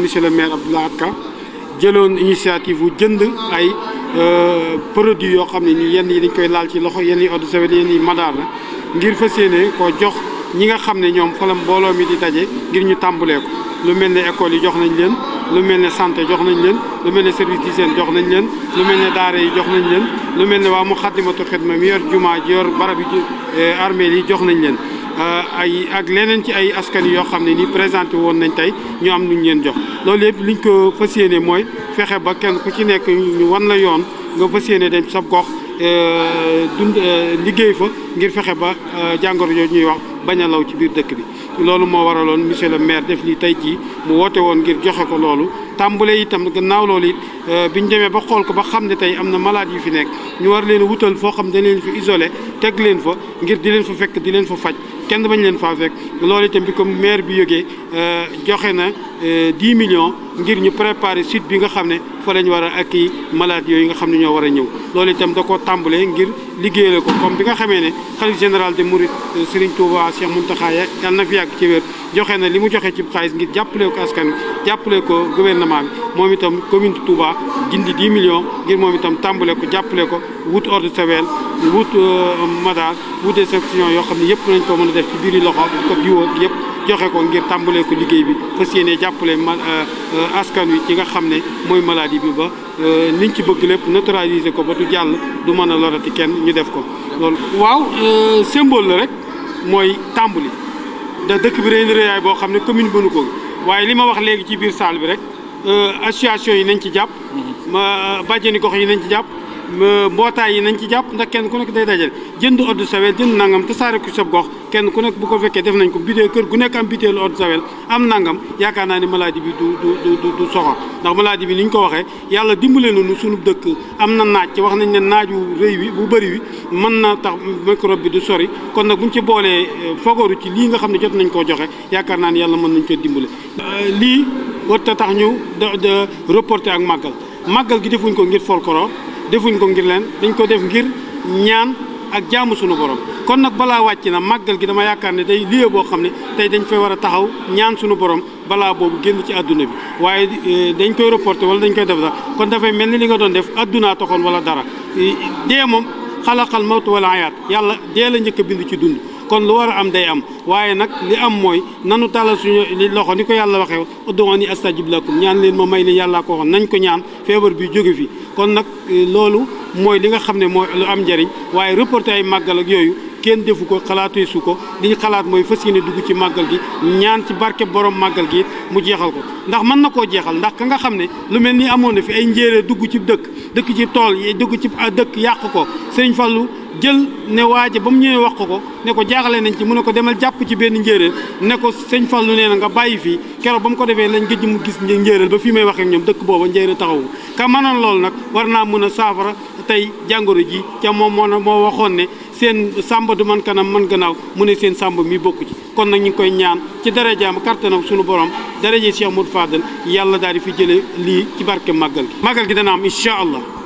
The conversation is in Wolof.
monsieur le maire Abdou Lahad Ka jëloon initiative wu jënd ay euh, produits yoo xam ne ni yenn yi dañ koy laal ci loxo yenn yi eau de javel yi madaar la ngir fas yéene koo jox ñi nga xam ne ñoom falam mbooloo mi di daje ngir ñu tàmbalee ko lu mel ne école yi jox nañ leen lu mel ne santé jox nañ leen lu mel ne service d'hygiène jox nañ leen lu mel ne daara yi jox nañ leen lu mel ne waa Muxaddamatul Xidma mi yor jumaa ji yor barab yi euh, armée yi jox nañ leen ay ak leneen ci ay askan yoo xam ne ni présenté woon nañ tey ñu am lu ñu leen jox loolu yëpp liñ ko fas yéene mooy fexe ba kenn ku ci nekk ñu wan la yoon nga fas yéene dem sa gox euh, dund euh, liggéey fa ngir fexe ba euh, jàngoro yooyu ñuy wax bañ a law ci biir dëkk bi loolu moo waraloon monsieur le maire def lii tey jii mu woote woon ngir joxe ko loolu tàmbale itam gannaaw loolu it bi ñu demee ba xool ko ba xam ne tey am na malaat yu fi nekk ñu war leen a wutal foo xam dañ leen fi isolé teg leen fa ngir di leen fa fekk di leen fa faj kenn bañ leen faa fekk loolu itam bi comme maire bi yógee euh, joxe na 10 euh, millions ngir ñu préparer suite bi nga xam ne fa lañ war a ak i malade yooyu nga xam ne ñoo war a ñëw loolu itam da koo tàmbalee ngir liggéeyale ko comme bi nga xamee ne xalif général de Mouride euh, Serigne Touba Cheikh Mountakha yàlla na fi yàgg ci joxe na li mu joxe ci xaalis ngir jàppale ko askan jàppale ko gouvernement moom itam commune de Touba jindi 10 millions ngir moom itam tàmbale ko jàppale ko wut ordre sewel wut euh, madar wut des sections yoo xam ne yëpp nañ ko mën a def ci biir loxo ko diwoo yëpp joxe ko ngir tàmbalee ko liggéey bi fas yéene jàppale ma euh, euh, askan wi ci nga xam ne mooy maladie bi ba niñ euh, ci bëgg lépp neutraliser ko ba du jàll du mën a lorati kenn ñu def ko loolu. waaw symbole la rek mooy tàmbali da dëkk bi rëy na rëyaay boo xam ne commune nu ko waaye li ma wax léegi ci biir salle bi rek association yi nañ ci jàpp mhm. ma bàjjeni gox yi nañ ci jàpp. Euh, mbootaay yi nañ ci jàpp ndax kenn ku nekk day dajale jënd eau de jënd nangam te saare ku sa gox kenn ku nekk bu ko fekkee def nañ ko bidee kër gu nekk am bitéelu eau de javel am nangam yaakaar naa ne maladie bi du du du soxor ndax maladie bi ni ñu ko waxee yàlla dimbale nañu suñu dëkk am na naaj ci wax nañ ne naaju rëy wi bu bëri wi mën na tax microbe bi du sori kon nag bu buñ ci boolee euh, fagaru ci lii nga xam ne jot nañ koo joxe yaakaar naa ne yàlla mën nañ cee dimbale euh, lii wër tax ñu reporter ak màggal màggal gi defuñ ko ngir folklore defuñ ko ngir leen dañ ko def ngir ñaan ak jaamu sunu borom kon nag balaa wàcc na màggal gi dama yaakaar ne day lieu boo xam ne tey dañ fay war a taxaw ñaan sunu borom balaa boobu génn ci àdduna bi waaye eh, dañ koy reporté wala dañ koy def sax kon dafay mel ni li nga doon def àddunaa toxoon wala dara eh, dee moom xalaqal mawtu wala ayaat yàlla dee la njëkk a bind ci dund kon lu war a am day am waaye nag li am mooy nanu tàllal suñu li loxo ni ko yàlla waxee ud'uuni astajib lakum ñaan leen ma may li yàllaa ko waxoon nañ ko ñaan feebar bi jóge fi kon nag eh, loolu mooy li nga xam ne mooy lu am njëriñ waaye reporté ay màggal ak yooyu kenn defu ko xalaatee su ko li ñu xalaat mooy fas yéene dugg ci màggal gi ñaan ci barke borom màggal gi mu jeexal ko ndax mën na koo jeexal ndax ka nga xam ne lu mel ni amoon na fi ay njéeree dugg ci dëkk dëkk ci tool yi dugg ci ah, dëkk yàq ko jël ne waaje ba mu ñëwee wax ko ko ne ko jaaxale nañ ci mu ne ko demal jàpp ci benn njéeréer ne ko sëñ Fallu nee na nga bàyyi fii keroog ba mu ko defee lañ gëj mu gis njéeréer ba fii may waxee ñoom dëkk booba njéeréer taxawu ka lool nag war naa mën a saafara tey jàngoro ji ca moom moo moo waxoon ne seen sàmba du man kanam man gannaaw mu ne seen sàmba mi bokku ci kon nag ñu ngi koy ñaan ci darajaam kàttanam sunu borom daraje Cheikh Modou Fadel yàlla daal di fi jëlee lii ci barke màggal gi màggal gi dana am incha allah